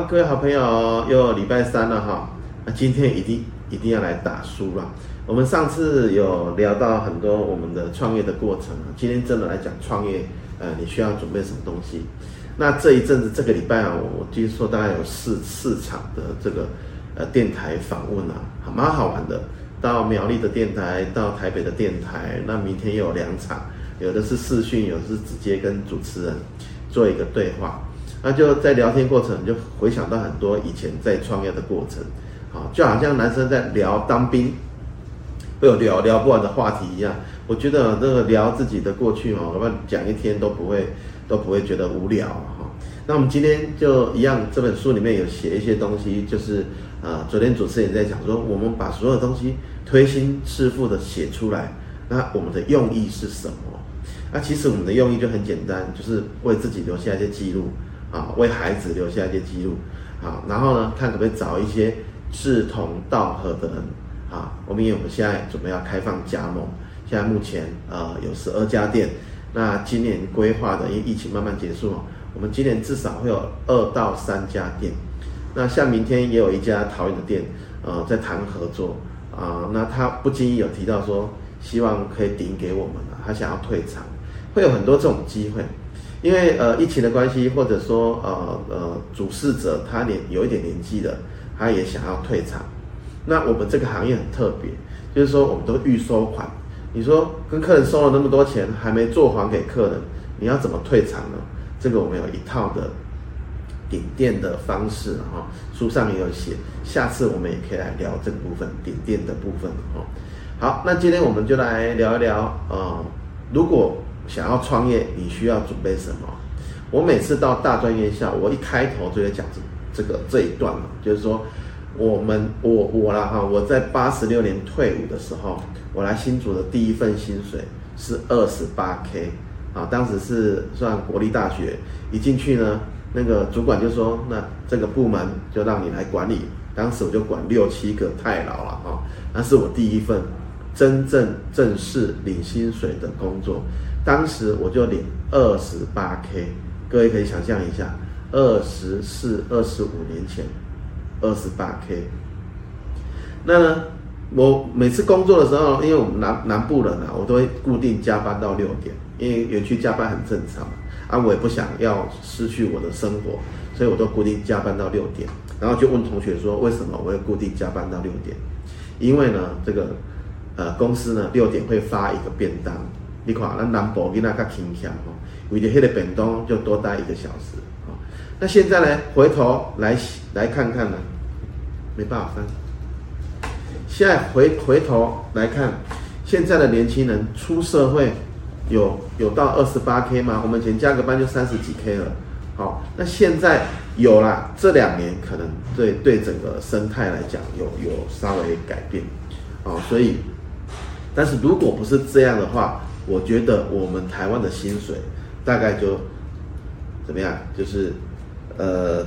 啊、各位好朋友，又禮拜三了哈，那、啊、今天一定一定要來打書了。我們上次有聊到很多我們的創業的過程，今天真的來講創業，呃，你需要準備什麼東西？那這一陣子這個禮拜啊，我聽說大概有四四場的這個呃電台訪問啊，還蠻好玩的。到苗栗的電台，到台北的電台，那明天又有兩場，有的是視訊，有的是直接跟主持人做一個對話。那就在聊天過程，就回想到很多以前在創業的過程，好，就好像男生在聊當兵，會有聊聊不完的話題一樣。我覺得這個聊自己的過去嘛，要不然講一天都不會都不會覺得無聊哈。那我們今天就一樣，這本書裡面有寫一些東西，就是啊、呃，昨天主持人在講說，我們把所有東西推心置腹的寫出來，那我們的用意是什麼？那其實我們的用意就很簡單，就是為自己留下一些記錄。啊，為孩子留下一些記錄，啊，然後呢，看可不可以找一些志同道合的人，啊，我們因為我們現在準備要開放加盟，現在目前呃有十二家店，那今年規劃的，因為疫情慢慢結束嘛，我們今年至少會有二到三家店，那像明天也有一家桃園的店，呃，在談合作，啊、呃，那他不經意有提到說，希望可以頂給我們，他想要退場，會有很多這種機會。因為呃疫情的關係，或者說呃呃主事者他年有一點年紀的，他也想要退場。那我們這個行業很特別，就是說我們都預收款。你說跟客人收了那麼多錢，還沒做還給客人，你要怎麼退場呢？這個我們有一套的頂店的方式哈、哦，書上面有寫，下次我們也可以來聊這個部分頂店的部分哦。好，那今天我們就來聊一聊呃如果。想要創業，你需要準備什麼？我每次到大專院校，我一開頭就會講這這個這一段嘛，就是說我們，我們我我了哈，我在八十六年退伍的時候，我來新竹的第一份薪水是二十八 K 啊，當時是算國立大學一進去呢，那個主管就說，那這個部門就讓你來管理，當時我就管六七個泰勞了哈。那是我第一份真正正式領薪水的工作。當時我就領二十八 K，各位可以想象一下，二十四、二十五年前，二十八 K。那呢我每次工作的時候，因為我們南南部人啊，我都會固定加班到六點，因為園區加班很正常啊。我也不想要失去我的生活，所以我都固定加班到六點。然後就問同學說，為什麼我會固定加班到六點？因為呢，這個呃公司呢六點會發一個便當。你看，咱南部囡仔較堅強哦，為着黑的變動就多待一個小時啊。那現在呢，回頭來來看看呢，沒辦法分。現在回回頭來看，現在的年輕人出社會有有到二十八 K 嗎？我們以前加個班就三十幾 K 了。好，那現在有了，這兩年可能對對整個生態來講有有稍微改變啊。所以，但是如果不是這樣的話，我覺得我們台灣的薪水大概就怎麼樣？就是呃，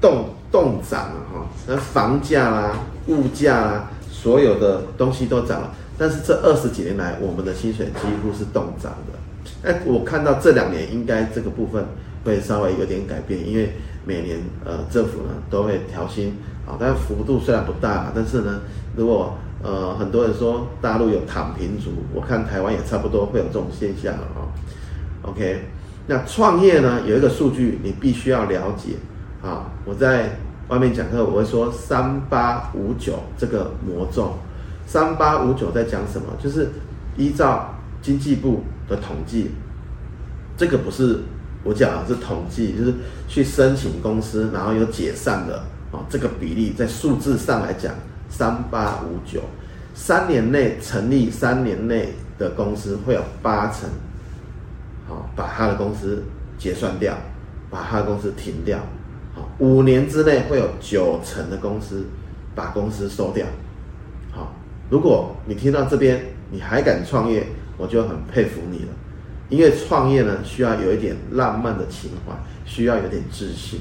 凍凍漲了哈。那、哦、房價啦、啊、物價啦、啊，所有的東西都漲了。但是這二十幾年來，我們的薪水幾乎是凍漲的。哎，我看到這兩年應該這個部分會稍微有點改變，因為每年呃政府呢都會調薪啊、哦，但幅度雖然不大，但是呢，如果呃，很多人說大陸有躺平族，我看台灣也差不多會有這種現象啊、哦。OK，那創業呢，有一個數據你必須要了解啊、哦。我在外面講課，我會說三八五九這個魔咒。三八五九在講什麼？就是依照經濟部的統計，這個不是我講的是統計，就是去申請公司然後有解散的啊、哦，這個比例在數字上來講。三八五九，三年內成立，三年內的公司會有八成，好，把他的公司結算掉，把他的公司停掉，好，五年之內會有九成的公司把公司收掉，好，如果你聽到這邊你還敢創業，我就很佩服你了，因為創業呢，需要有一點浪漫的情懷，需要有點自信。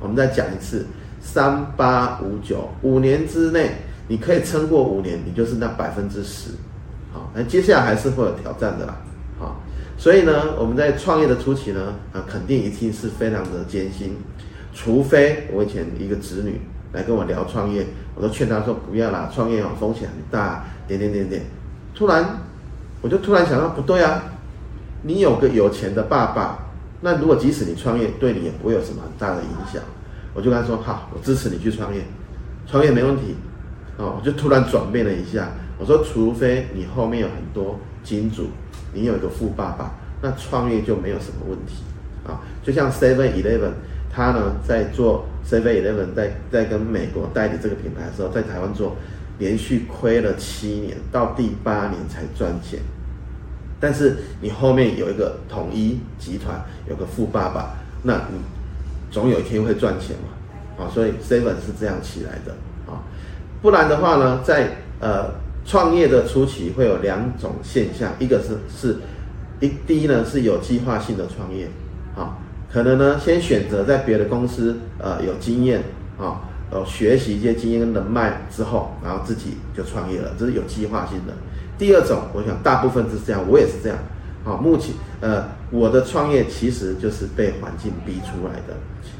我們再講一次。三八五九，五年之內你可以撐過五年，你就是那百分之十，好，那接下來還是會有挑戰的啦，好，所以呢，我們在創業的初期呢，啊，肯定一定是非常的艱辛，除非我以前一個侄女來跟我聊創業，我都勸她說不要啦，創業有風險很大，點點點點，突然我就突然想到，不對啊，你有個有錢的爸爸，那如果即使你創業，對你也不會有什麼很大的影響。我就跟他說：好，我支持你去創業，創業沒問題，哦。我就突然轉變了一下，我說：除非你後面有很多金主，你有一個富爸爸，那創業就沒有什麼問題啊、哦。就像 Seven Eleven，他呢在做 Seven Eleven，在在跟美國代理這個品牌的時候，在台灣做，連續虧了七年，到第八年才賺錢。但是你後面有一個統一集團，有個富爸爸，那你。總有一天會賺錢嘛，啊，所以 Seven 是這樣起來的啊，不然的話呢，在呃創業的初期會有兩種現象，一個是是，一第一呢是有計劃性的創業，啊，可能呢先選擇在別的公司呃有經驗啊，然後，呃，學習一些經驗跟人脈之後，然後自己就創業了，這是有計劃性的。第二種，我想大部分是這樣，我也是這樣。好、哦，目前呃，我的創業其實就是被環境逼出來的，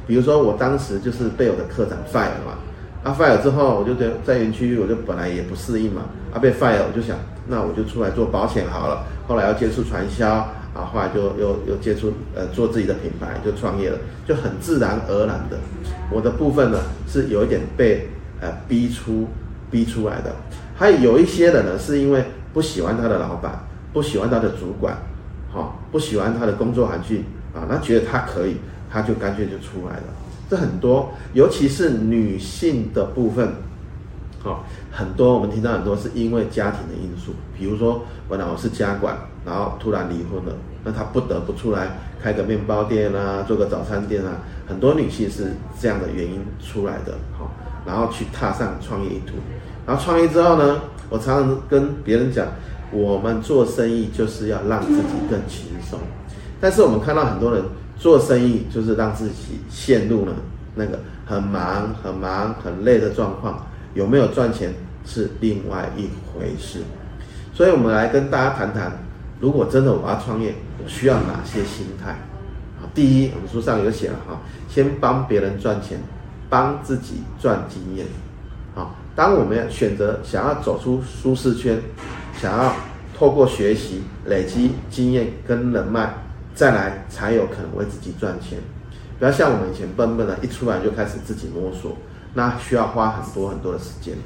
比如說我當時就是被我的課長 fire 了嘛，啊，fire 之後我就在在園區，我就本來也不適應嘛，啊，被 fire 我就想，那我就出來做保險好了，後來要接觸傳銷啊，後來就又又接觸呃做自己的品牌就創業了，就很自然而然的，我的部分呢是有一點被呃逼出逼出來的，還有有一些的呢是因為不喜歡他的老闆，不喜歡他的主管。好、哦，不喜歡他的工作環境啊，那覺得他可以，他就乾脆就出來了。這很多，尤其是女性的部分，好、哦，很多我們聽到很多是因為家庭的因素，比如說我老是家管，然後突然離婚了，那他不得不出來開個麵包店啊，做個早餐店啊，很多女性是這樣的原因出來的，好、哦，然後去踏上創業一途，然後創業之後呢，我常常跟別人講。我們做生意就是要讓自己更輕鬆，但是我們看到很多人做生意就是讓自己陷入了那個很忙、很忙、很累的狀況。有沒有賺錢是另外一回事。所以，我們來跟大家談談：如果真的我要創業，我需要哪些心態啊？第一，我們書上有寫了哈，先幫別人賺錢，幫自己賺經驗。好，當我們要選擇想要走出舒適圈。想要透過學習累積經驗跟人脈，再來才有可能為自己賺錢。不要像我們以前笨笨的，一出來就開始自己摸索，那需要花很多很多的時間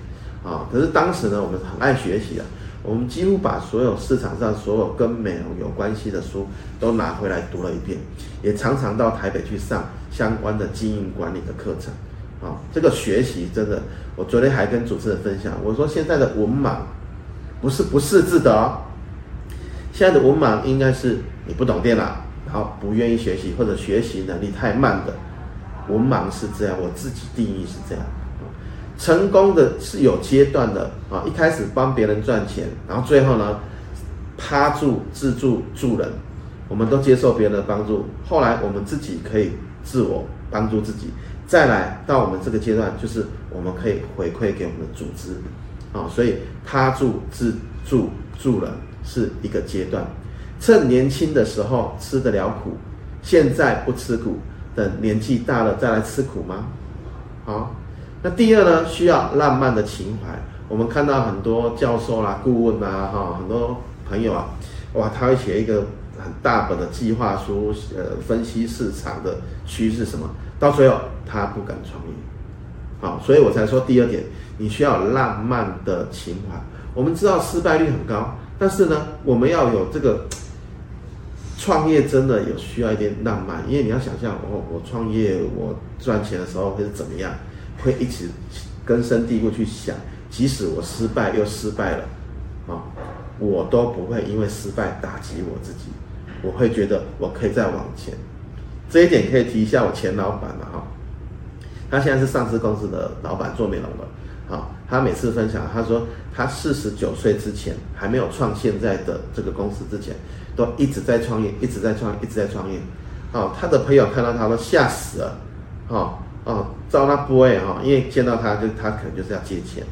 啊。可是當時呢，我們很愛學習啊，我們幾乎把所有市場上所有跟美容有關係的書都拿回來讀了一遍，也常常到台北去上相關的經營管理的課程。啊，這個學習真的，我昨天還跟主持人分享，我說現在的文盲。不是不識字的喔，現在的文盲應該是你不懂電腦，然後不願意學習或者學習能力太慢的，文盲是這樣，我自己定義是這樣。成功的是有階段的啊，一開始幫別人賺錢，然後最後呢，趴住自助助人，我們都接受別人的幫助，後來我們自己可以自我幫助自己，再來到我們這個階段，就是我們可以回饋給我們的組織。所以他住自住住了是一個階段，趁年輕的時候吃得了苦，現在不吃苦，等年紀大了再來吃苦嗎？好，那第二呢，需要浪漫的情懷。我們看到很多教授啦、啊、顧問啊、哈，很多朋友啊，哇，他會寫一個很大本的計劃書，呃，分析市場的趨勢什麼，到最後他不敢創業。好，所以我才說第二點，你需要浪漫的情懷。我們知道失敗率很高，但是呢，我們要有這個創業真的有需要一點浪漫，因為你要想象我我創業我賺錢的時候會是怎麼樣，會一直根深蒂固去想，即使我失敗又失敗了，啊、哦，我都不會因為失敗打擊我自己，我會覺得我可以再往前。這一點可以提一下我前老闆了哈。他現在是上市公司的老闆，做美容的，好，他每次分享，他說他四十九歲之前還沒有創現在的這個公司之前，都一直在創業，一直在創，一直在創業，好，他的朋友看到他都嚇死了，好，啊，遭他 boy 哈，因為見到他就他可能就是要借錢，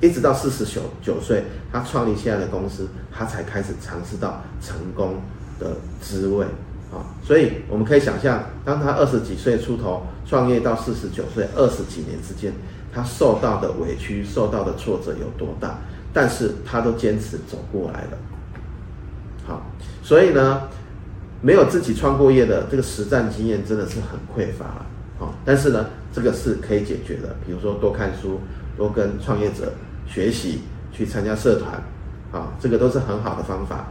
一直到四十九九歲，他創立現在的公司，他才開始嘗試到成功的滋味。啊，所以我們可以想象，當他二十幾歲出頭創業到四十九歲，二十幾年之間，他受到的委屈、受到的挫折有多大，但是他都堅持走過來了。好，所以呢，沒有自己創過業的這個實戰經驗真的是很匱乏啊，但是呢，這個是可以解決的，比如說多看書，多跟創業者學習，去參加社團，啊，這個都是很好的方法。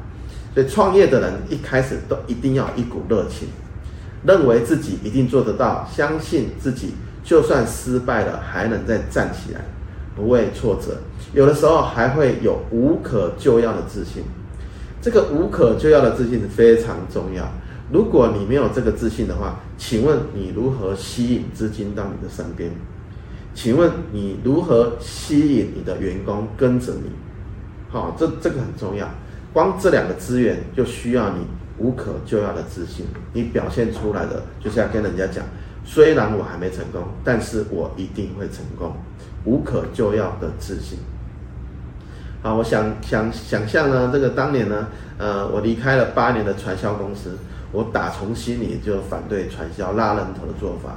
所以，創業的人一開始都一定要一股熱情，認為自己一定做得到，相信自己，就算失敗了，還能再站起來，不畏挫折。有的時候還會有無可救藥的自信。這個無可救藥的自信是非常重要。如果你沒有這個自信的話，請問你如何吸引資金到你的身邊？請問你如何吸引你的員工跟着你？好、哦，這這個很重要。光這兩個資源就需要你無可救藥的自信，你表現出來的就是要跟人家講，雖然我還沒成功，但是我一定會成功，無可救藥的自信。好，我想想想像呢，這個當年呢，呃，我離開了八年的傳銷公司，我打從心裡就反對傳銷拉人頭的做法，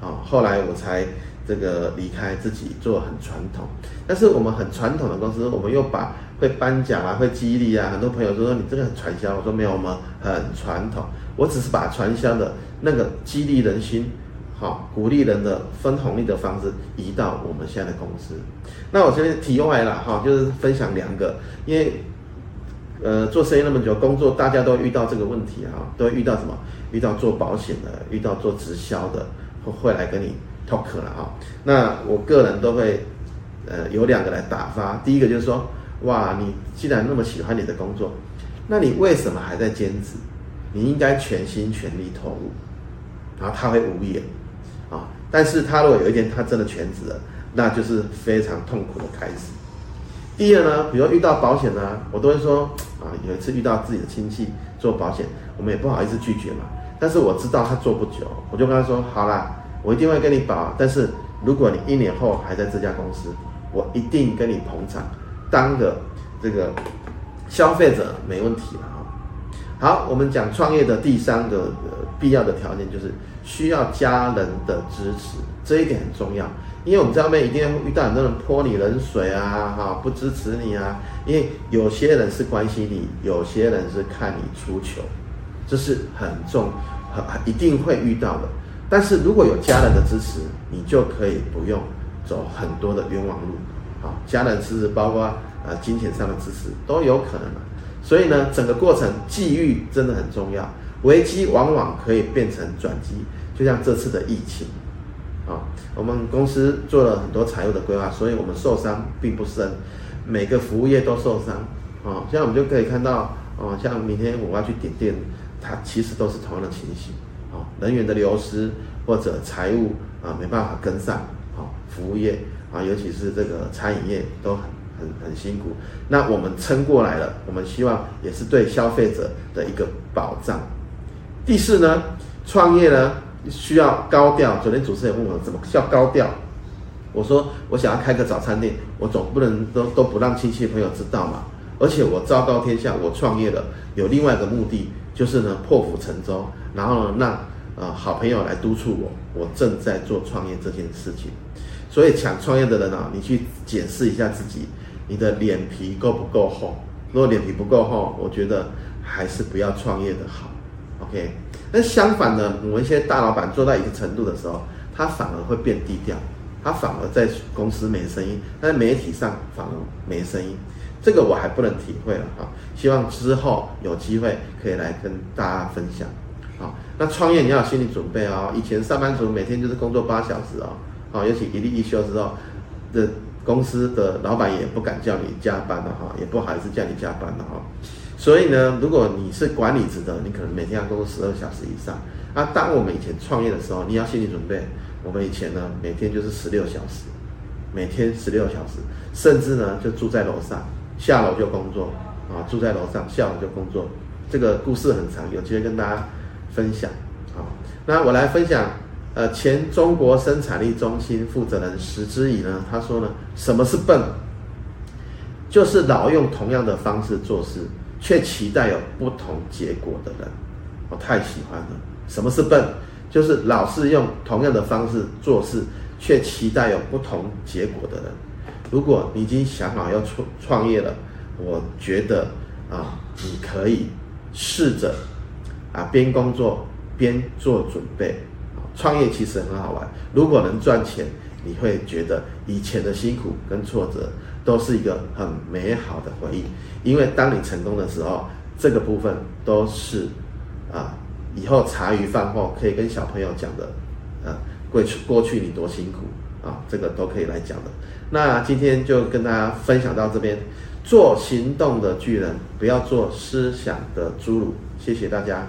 啊、哦，後來我才。這個離開自己做很傳統，但是我們很傳統的公司，我們又把會頒獎啊，會激勵啊，很多朋友都說你這個很傳銷，我說沒有嗎？很傳統。我只是把傳銷的那個激勵人心、好鼓勵人的分紅利的方式，移到我們現在的公司。那我先提用來了哈，就是分享兩個，因為呃做生意那麼久，工作大家都遇到這個問題哈，都遇到什麼？遇到做保險的，遇到做直銷的，會會來跟你。talk 了啊，那我個人都會呃有兩個來打發，第一個就是說，哇，你既然那麼喜歡你的工作，那你為什麼還在兼職？你應該全心全力投入，然後他會無言啊。但是他如果有一天他真的全職了，那就是非常痛苦的開始。第二呢，比如說遇到保險呢，我都會說啊，有一次遇到自己的親戚做保險，我們也不好意思拒絕嘛，但是我知道他做不久，我就跟他說，好啦。我一定會跟你保，但是如果你一年後還在這家公司，我一定跟你捧場，當個這個消費者沒問題了哈。好，我們講創業的第三個必要的條件就是需要家人的支持，這一點很重要，因為我們在外面一定會遇到很多人潑你冷水啊，哈，不支持你啊，因為有些人是關心你，有些人是看你出糗，這是很重，很一定會遇到的。但是如果有家人的支持，你就可以不用走很多的冤枉路。啊，家人支持包括呃金錢上的支持都有可能。所以呢，整個過程際遇真的很重要，危機往往可以變成轉機。就像這次的疫情，啊，我們公司做了很多財務的規劃，所以我們受傷並不深。每個服務業都受傷，啊，現在我們就可以看到，啊，像明天我要去點店，它其實都是同樣的情形。人員的流失或者財務啊沒辦法跟上，好、哦、服務業啊，尤其是這個餐飲業，都很很很辛苦。那我們撐過來了，我們希望也是對消費者的一個保障。第四呢，創業呢需要高調。昨天主持人問我怎麼叫高調？我說，我想要開個早餐店，我總不能都都不讓親戚朋友知道嘛。而且我昭告天下，我創業了，有另外一個目的就是呢，破釜沉舟，然後呢讓。啊、呃，好朋友來督促我，我正在做創業這件事情，所以想創業的人啊，你去檢視一下自己，你的臉皮夠不夠厚？如果臉皮不夠厚，我覺得還是不要創業的好。OK，那相反呢，某一些大老闆做到一個程度的時候，他反而會變低調，他反而在公司沒聲音，他在媒體上反而沒聲音，這個我還不能體會了啊。希望之後有機會可以來跟大家分享。那創業你要有心理準備啊、哦！以前上班族每天就是工作八小時啊，啊，尤其一力一休之後，的公司的老闆也不敢叫你加班了哈，也不好意思叫你加班了哈。所以呢，如果你是管理職的，你可能每天要工作十二小時以上。啊，當我們以前創業的時候，你要心理準備，我們以前呢每天就是十六小時，每天十六小時，甚至呢就住在樓上，下樓就工作啊，住在樓上，下樓就工作。這個故事很長，有機會跟大家。分享啊，那我來分享，呃，前中國生產力中心負責人石滋宜呢，他說呢，什麼是笨？就是老用同樣的方式做事，卻期待有不同結果的人。我太喜歡了。什麼是笨？就是老是用同樣的方式做事，卻期待有不同結果的人。如果你已經想好要創創業了，我覺得啊，呃，你可以試着。啊，邊工作邊做準備，哦，創業其實很好玩。如果能賺錢，你會覺得以前的辛苦跟挫折都是一個很美好的回憶。因為當你成功的時候，這個部分都是啊，以後茶餘飯後可以跟小朋友講的，啊，過去過去你多辛苦啊，這個都可以來講的。那今天就跟大家分享到這邊，做行動的巨人，不要做思想的侏儒。謝謝大家。